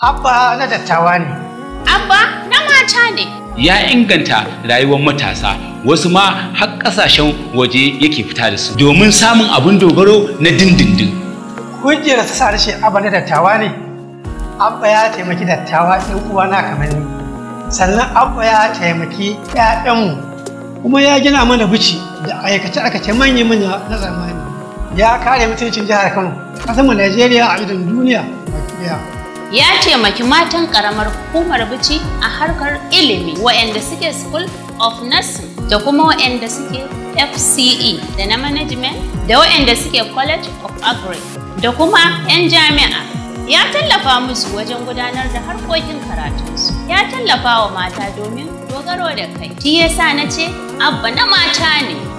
Abba na dattawa ne. Abba na mata ne. Ya inganta rayuwar matasa wasu ma har ƙasashen waje yake fita da su domin samun abin dogaro na dindindin. Kungiyar ta sa shi abba na dattawa ne. Abba ya taimaki dattawa ɗan uwana kamar ni. Sannan abba ya taimaki ‘ya'yanmu kuma ya gina mana bici da aikace-aikace manya-manya na zamani. Ya kare mutuncin jihar Kano, ƙasarmu Najeriya a idon duniya baki ɗaya. ya taimaki matan karamar hukumar bici a harkar ilimi waɗanda suke school of nursing da kuma waɗanda suke fce da na management da waɗanda suke college of agri da kuma 'yan jami'a ya tallafa musu wajen gudanar da harkokin karatunsu ya tallafa wa mata domin dogaro da kai shi yasa na ce abba na mata ne